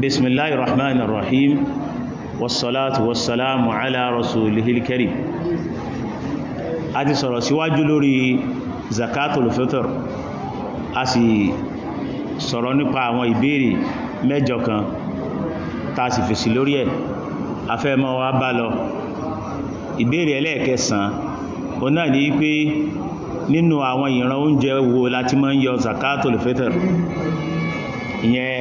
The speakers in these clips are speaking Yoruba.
bismillahi rahman rahim wassalatu wassalamu ala rasulihil karim a ti sọ̀rọ̀ síwájú lórí zakatul fitr a sì sọ̀rọ̀ nípa àwọn ìbéèrè mẹ́jọ kan ta sì fèsì lórí ẹ̀ afẹ́mọ́ wa bá lọ ìbéèrè ẹlẹ́ẹ̀kẹsàn o náà ní pé nínú àwọn ìran oúnjẹ wo láti máa ń yọ zakatul fitr ìyẹn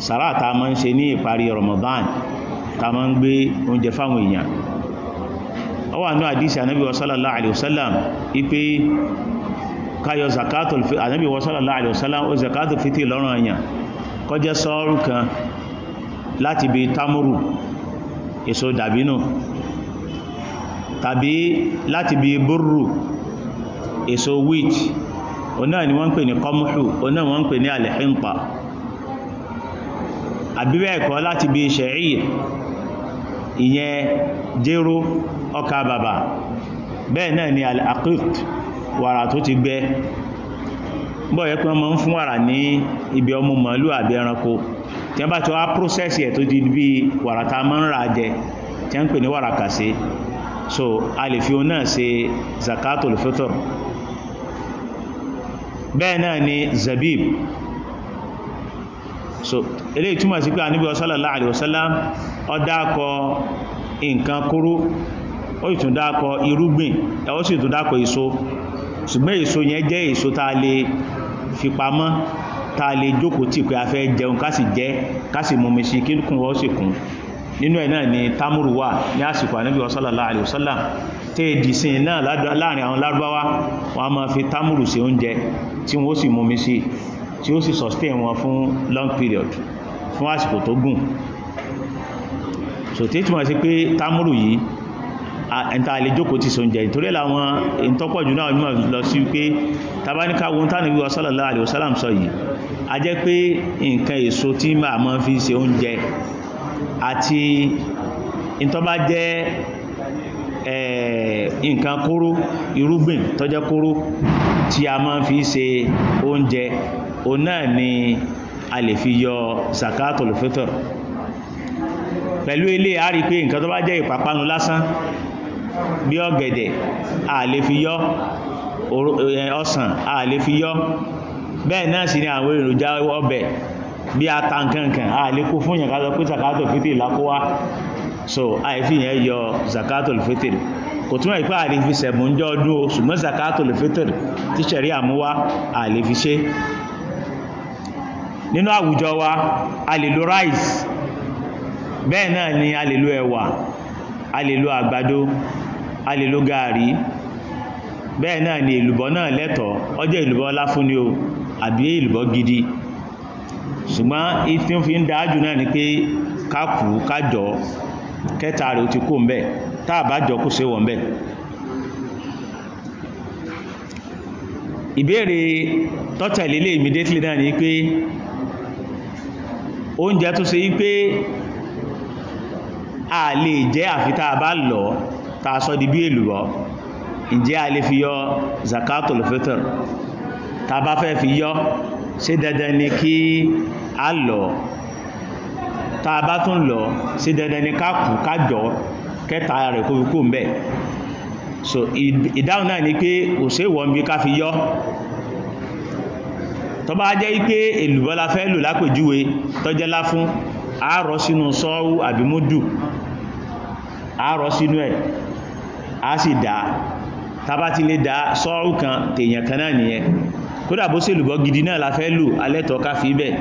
sàrá ta ma ń ṣe ní ìparí Ramadan ta ma ń gbé oúnjẹ fáwọn èèyàn ó wà ní àdísì ànábì sallallahu alaihi wasallam ipé káyọ zakatul fitr ànábì sallallahu alaihi wasallam ó zakatul fitr lọ́rùn èèyàn kọjẹ́ sọ́ọ̀rù kan láti bí tamuru èso dàbínú tàbí láti bí burú èso wheat onáà ni wọ́n pè ní kọmùhù onáà wọ́n pè ní alẹ́hìnpa àbíwẹ̀ẹ̀kọ́ láti bí ṣẹ̀rí ìyẹn jéró ọkà bàbà bẹ́ẹ̀ náà ni al-aqiq wàrà tó ti gbẹ bọ́ yẹ pé wọ́n máa ń fún wàrà ní ibi ọmọ màálù àbí ẹranko tí wọ́n bá ti wá prósẹ́sì ẹ̀ tó di bí wàrà tá a ń ra jẹ tí wọ́n pè ní wàrà kàṣe so a lè fi òun náà ṣe zakatul fitr bẹ́ẹ̀ náà ni zabib so eléyìí túmọ̀ sí pé Ànábì sallallahu alaihi wasallam ó dákọ nǹkan kóró ó ìtún dákọ irúgbìn ó sì tún dákọ èso ṣùgbọ́n èso yẹn jẹ́ èso tá a lè fi pamọ́ tá a lè jókòó tì pé a fẹ́ jẹun ká sì jẹ ká sì mọ̀mí sí kí kún ó sì kún nínú ẹ̀ náà ni támúrù wà ní àsìkò Ànábì sallallahu alaihi wasallam tẹ́ èdì sí náà láàrin àwọn lárúbáwá wọn a máa fi támúrù sí oúnjẹ o wọ́n sì mọ̀mí sí tí ó sì sustain wọn fún long period fún àsìkò tó gùn so tí túnmọ̀ sí pé támúrù yìí ẹ̀ntà lè jókòó ti sóúnjẹ ìtorí láwọn ìntọ́pọ̀jù náà mímọ̀ lọ sí pé tàbáníká wọn tánà wíwọ sallallahu alaihi wasallam sọ yìí a jẹ́ pé nǹkan èso tí máa mọ́ fi ṣe oúnjẹ àti ìntọ́bá jẹ́ eh, nǹkan kóró irúgbìn tó kóró tí a máa fi ṣe oúnjẹ o náà ni a lè fi yọ zakatul fitr pẹ̀lú ilé a rí pé nǹkan tó bá jẹ́ ìpápánu lásán bí ọ̀gẹ̀dẹ̀ a lè fi yọ ọsàn a lè fi yọ bẹ́ẹ̀ náà sì ni àwọn èròjà ọbẹ̀ bí ata nkankan a lè kó fún yẹn ká pé zakatul fitr lákówá so a fi yẹn yọ zakatul fitr kò túnmọ̀ ìpá àlè fi sẹ̀mú ń jọ ọdún o ṣùgbọ́n zakatul fitr tí ṣẹ̀rí àmúwá àlè fi ṣe nínú àwùjọ wa a lè lo rice bẹ́ẹ̀ náà ni a lè lo ẹ̀wà a lè lo àgbàdo a lè lo gààrí bẹ́ẹ̀ náà ni náà lẹ́tọ̀ọ́ àbí gidi ṣùgbọ́n ìtí fi ń dáájù náà ni pé kákù kájọ kẹta rẹ̀ ti kó mbẹ̀ ṣe ìbéèrè oúnjẹ tó ṣe wípé a lè jẹ́ àfitá bá lọ ta sọ di bí èlùbọ́ ǹjẹ́ a lè fi yọ zakatul fitr ta bá fẹ́ fi yọ ṣe dandan ni kí a lọ ta bá tún lọ ṣe dandan ni ká kù kẹta rẹ̀ kó fi kú so ìdáhùn náà ni pé òṣèwọ̀n bí ká fi yọ tó bá jẹ́ ipé èlùbọ́lá fẹ́ lò lápèjúwe tọ́jẹ́lá fún àárọ̀ sínú sọ́ọ́wú àbí múdù àárọ̀ sínú ẹ̀ a sì dá tàbá ti lè dá sọ́ọ́wú kan tèèyàn kan náà nìyẹn kódà bó sì lùbọ́ gidi náà la fẹ́ lò alẹ́tọ̀ ká fi bẹ̀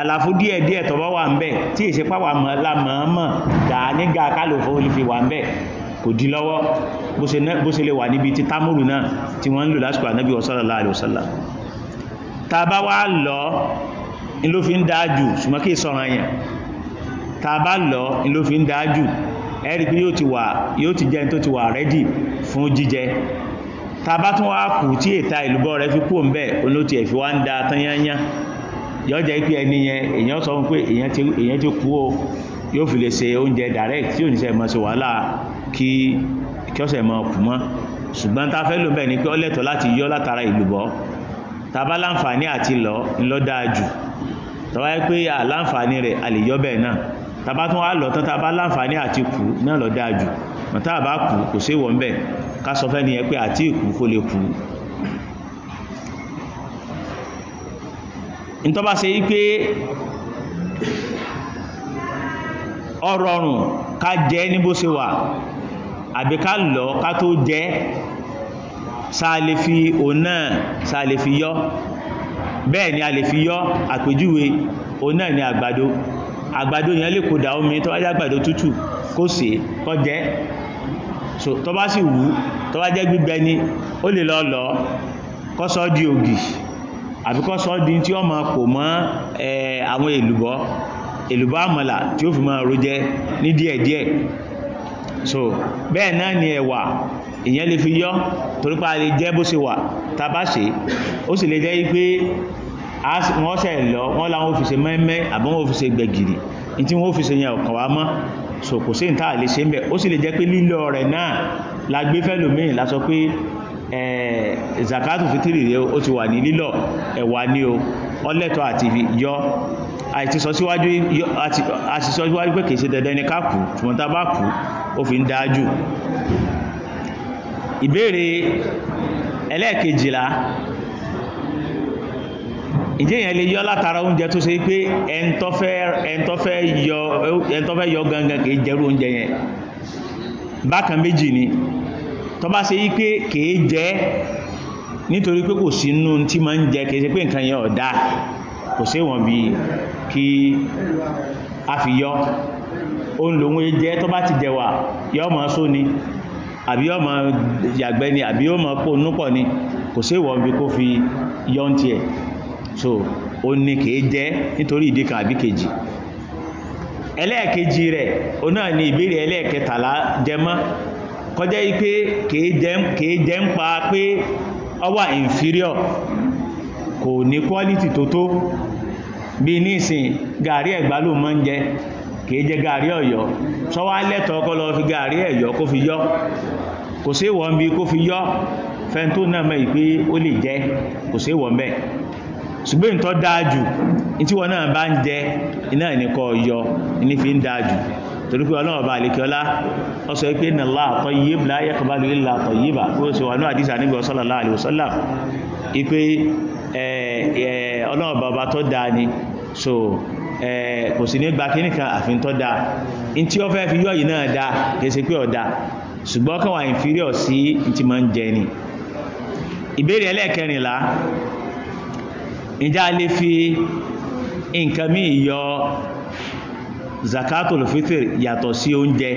àlàfo díẹ̀ díẹ̀ tó bá wà ń bẹ̀ tí ìṣepá wà mọ́ la mọ̀ọ́mọ̀ kò dín lọ́wọ́ bó ṣe lè wà níbi tí támúrù náà tí wọ́n ń lò lásìkò ànábì sallallahu alaihi ta bá wá lọ in ló fi ń dáájù ṣùgbọ́n kí sọ̀rọ̀ yẹn ta bá lọ in ló fi ń dáájù ẹ̀rí pé yóò ti wà yóò ti jẹ́ tó ti wà rẹ́dì fún jíjẹ ta bá tún wá kù tí èta ìlúbọ rẹ fi kú ń bẹ olóòtú ẹ̀ fi wá ń da tányányá yóò jẹ́ pé ẹni yẹn èèyàn sọ pé èèyàn ti kú o yóò fi lè ṣe oúnjẹ direct tí ò ní sẹ́ mọ́ sí wàhálà kí kí ọ̀sẹ̀ mọ́ kù mọ́ ṣùgbọ́n ta fẹ́ lò bẹ́ẹ̀ ni pé ó láti yọ látara ìlúbọ tàbá láǹfààní àti lọ lọ́dáájù tàbá pé à láǹfààní rẹ̀ àlèyọ́bẹ̀ náà tàbá tún wá lọ tàbá láǹfààní àti kú náà lọ́dáájù mọ̀tá àbá kú kò sí wọ́n bẹ̀ ká sọ fẹ́ ni ẹ pé àti ìkú kó lè kú ìtọ́bá ṣe yí pé ọrọ̀rùn ká jẹ ní bó ṣe wà àbí ká lọ ká tó jẹ sáà lè fi òun náà sáà lè fi yọ́ bẹ́ẹ̀ ni a lè fi yọ́ àpèjúwe òun náà ni àgbàdo àgbàdo yẹn lè kò dà omi tó bá jẹ́ àgbàdo tútù kó sè kó jẹ́ so tó bá sì wú tó bá jẹ́ gbígbẹ ni ó lè lọ lọ kó sọ di ògì àbí kó sọ di tí ó máa pò mọ́ àwọn èlùbọ́ èlùbọ́ àmàlà tí ó fi máa ro jẹ ní díẹ̀díẹ̀ so bẹ́ẹ̀ náà ni ẹ̀wà èyàn lè fi yọ́ torípa lè jẹ́ bó ṣe wà tàbá ṣe ó sì lè jẹ́ wípé wọ́n ṣẹ̀ lọ wọ́n láwọn òfìṣe mẹ́mẹ́ àbọ́n òfìṣe gbẹ̀gìrì in tí wọ́n òfìṣe yẹn ọ̀kan wá mọ́ so kò sí ìta lè ṣe ń bẹ̀ ó sì lè jẹ́ pé lílọ rẹ̀ náà la gbé fẹ́lòmíì la sọ pé zakatu fitiri rẹ̀ ó ti wà ní lílọ ẹ̀wà ní o ọlẹ́tọ̀ àti yọ àti sọ síwájú pé kìí ṣe dandan ní ká kù ṣùgbọ́n tá bá kù ó fi ń dáájú ìbéèrè ẹlẹ́ẹ̀kejìlá ìjẹ́yàn lè yọ́ látara oúnjẹ tó ṣe pé ẹntọ́fẹ́ yọ gangan kìí jẹ́rú oúnjẹ yẹn bákan méjì ni tó bá ṣe yí pé kìí jẹ́ nítorí pé kò sí inú tí ma ń jẹ kìí ṣe pé nǹkan yẹn ọ̀dá kò sí wọ̀n bí kí a fi yọ oúnlòun jẹ́ tó bá ti jẹwà yọ́ mọ́ só ni àbí ó máa yàgbẹ́ ni àbí ó máa pò núpọ̀ ni kò sí ìwọ̀n bí kó fi yọ́ntí ẹ̀ so ó ní kèé jẹ́ nítorí ìdí kan àbí kejì ẹlẹ́ẹ̀kejì rẹ̀ o náà ni ìbéèrè ẹlẹ́ẹ̀kẹtàlá pé ń pa pé ọ inferior kò ní quality tó tó bí gàrí ẹ̀gbá ló mọ́ kìí jẹ gàrí ọ̀yọ́ sọ́wọ́ alẹ́tọ̀ kọ́ lọ fi gàrí ẹ̀yọ́ kó fi yọ́ kò sí wọ́n bí kó fi yọ́ fẹ́ntó náà mẹ́ ìpé ó lè jẹ́ kò sí wọ́n bẹ́ẹ̀ ṣùgbọ́n ìtọ́ dáájù tí wọ́n náà bá ń jẹ iná ìníkọ́ yọ ní fi ń dáájù torí pé ọlọ́run ọba àlekíọ́lá ó sọ pé inna Allaha tayyib la yaqbalu illa tayyiba ó sì wà ní àdísà níbi sallallahu alaihi wasallam ìpé ọlọ́run ọba tó dáa ni so kò sí ní gba kíní kan àfin tọ́ dáa in tí ó fẹ́ fi yọ́ yìí náà dáa kèsè pé ọ̀dá ṣùgbọ́n kan wà inferior sí ti máa ń jẹ ni ìbéèrè ẹlẹ́ẹ̀kẹrìnlá ìjá lè fi nǹkan míì yọ zakatul fitr yàtọ̀ sí oúnjẹ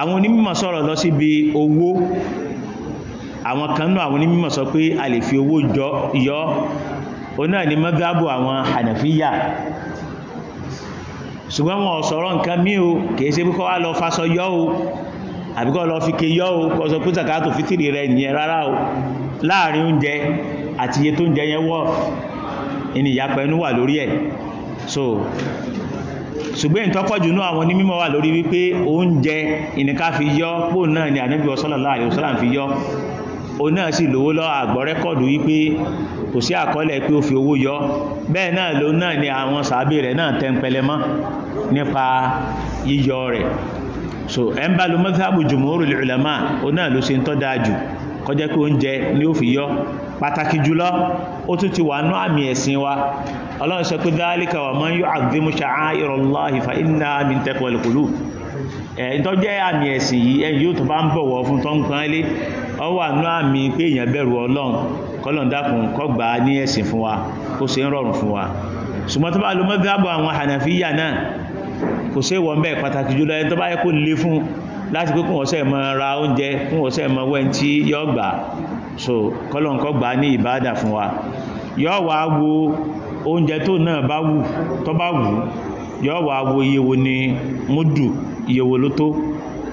àwọn onímọ̀ sọ̀rọ̀ lọ síbi owó àwọn kan náà àwọn onímọ̀ sọ pé a lè fi owó yọ o náà ni mọ́gábù àwọn hànàfíyà ṣùgbọ́n wọn sọ̀rọ̀ nǹkan mí o kìí ṣe púpọ̀ wá lọ fásọ yọ́ o àbíkọ́ lọ fi ke yọ́ o kọ́ sọ pé sàkátò fítìrì rẹ̀ nìyẹn rárá o láàrin oúnjẹ àti iye tó ń jẹ yẹn wọ́ ìní ìyapẹ̀ inú wà lórí ẹ̀ so ṣùgbọ́n ìtọ́kọ̀jù náà àwọn onímọ̀ wà lórí wípé oúnjẹ ìníká fi yọ́ pò náà ni ànábì sallallahu alaihi fi yọ́ o náà sì lówó lọ àgbọ́ rẹ́kọ̀dù wípé kò sí àkọọ́lẹ̀ pé ó fi owó yọ bẹ́ẹ̀ náà ló náà ni àwọn sàábé náà tẹ́ ń pẹlẹ mọ́ nípa so ẹ ń bá lo mọ́sáàbù jumhurul ma o náà ló ṣe ń tọ́ ni ó fi yọ pàtàkì jùlọ ó tún ti wa ọlọ́run sọ pé ẹ̀ ń àmì ẹ̀sìn yìí yóò tó bá ń bọ̀wọ̀ fún tó ọ wà ní àmì pé èèyàn bẹ̀rù ọlọ́run kọlọ̀n dákùn kọgbà ní ẹ̀sìn fún wa kó ṣe ń rọrùn fún wa ṣùgbọ́n tó bá lo mọ́gbàgbọ́ àwọn hànàfíyà náà kò ṣe wọ́n bẹ́ẹ̀ pàtàkì jùlọ ẹni tó bá yẹ kó lè fún láti pé kún ọ̀sẹ̀ mọ́ ra oúnjẹ kún ọ̀sẹ̀ mọ́ wẹ́n tí yọ gbà so kọlọ̀n kọgbà ní ìbádà fún wa yọ wà wo oúnjẹ tó náà bá wù tó bá wù yọ wà wo iye wo ni múdù iye wo ló tó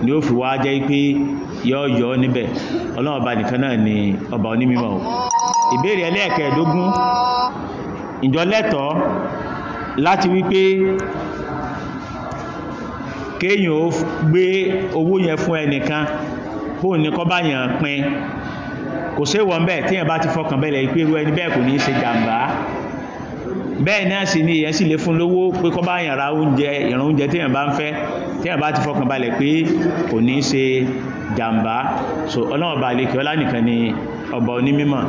ni ó fi wá jẹ́ pé yọ́ yọ́ níbẹ̀ ọlọ́run nìkan náà ni ọba onímímọ̀ ìbéèrè ẹlẹ́ẹ̀kẹ́ẹ̀dógún ìjọ lẹ́tọ̀ọ́ láti wípé kéèyàn ó gbé owó yẹn fún ẹnìkan bóò ní kọ́ bá yàn pin kò sí ìwọ̀n bẹ́ẹ̀ tíyàn bá ti fọkàn bẹ́ẹ̀ pé irú ẹni bẹ́ẹ̀ kò ní ṣe jàǹbá bẹ́ẹ̀ náà sì ni èyàn sì lè fún lówó pé kọ́ bá yàn ra oúnjẹ ìran oúnjẹ tíyàn bá ń fẹ́ tí a bá ti fọkàn balẹ̀ pé kò ní ṣe jàmbá so ọlọ́ọ̀bá alẹ́kẹ́ ọlá nìkan ni ọba onímímọ̀